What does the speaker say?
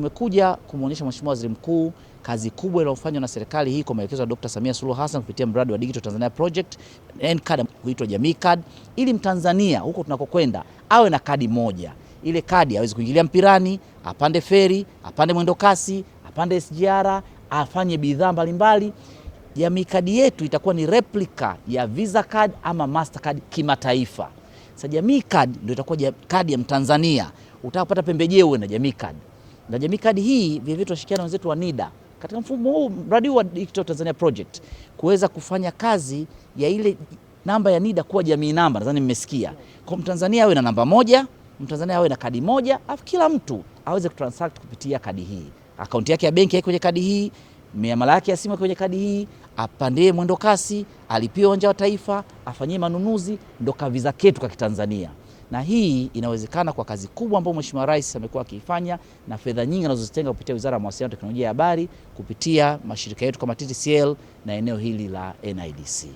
Tumekuja kumwonyesha Mheshimiwa Waziri Mkuu kazi kubwa iliyofanywa na serikali hii kwa maelekezo ya Dr. Samia Suluhu Hassan kupitia mradi wa Digital Tanzania Project N-Card huitwa Jamii Card, ili Mtanzania huko tunakokwenda awe na kadi moja. Ile kadi aweze kuingilia mpirani, apande feri, apande mwendokasi, apande SGR, afanye bidhaa mbalimbali. Jamii kadi yetu itakuwa ni replica ya Visa Card ama Mastercard kimataifa. Sasa Jamii Card ndio itakuwa kadi ya Mtanzania. Utakapata pembejeo na Jamii Card na jamii kadi hii vilevile tunashirikiana wenzetu wa NIDA katika mfumo huu mradi huu wa Digital Tanzania Project kuweza kufanya kazi ya ile namba ya NIDA kuwa jamii namba. Nadhani mmesikia, kwa Mtanzania awe na namba moja, Mtanzania awe na kadi moja, afu kila mtu aweze kutransact kupitia kadi hii, akaunti yake ya benki kwenye kadi hii, miamala yake ya simu kwenye kadi hii, apandie mwendo kasi, alipie uwanja wa Taifa, afanyie manunuzi, ndo kaviza ketu kwa Kitanzania na hii inawezekana kwa kazi kubwa ambayo Mheshimiwa Rais amekuwa akiifanya na fedha nyingi anazozitenga kupitia Wizara ya Mawasiliano na Teknolojia ya Habari, kupitia mashirika yetu kama TTCL na eneo hili la NIDC.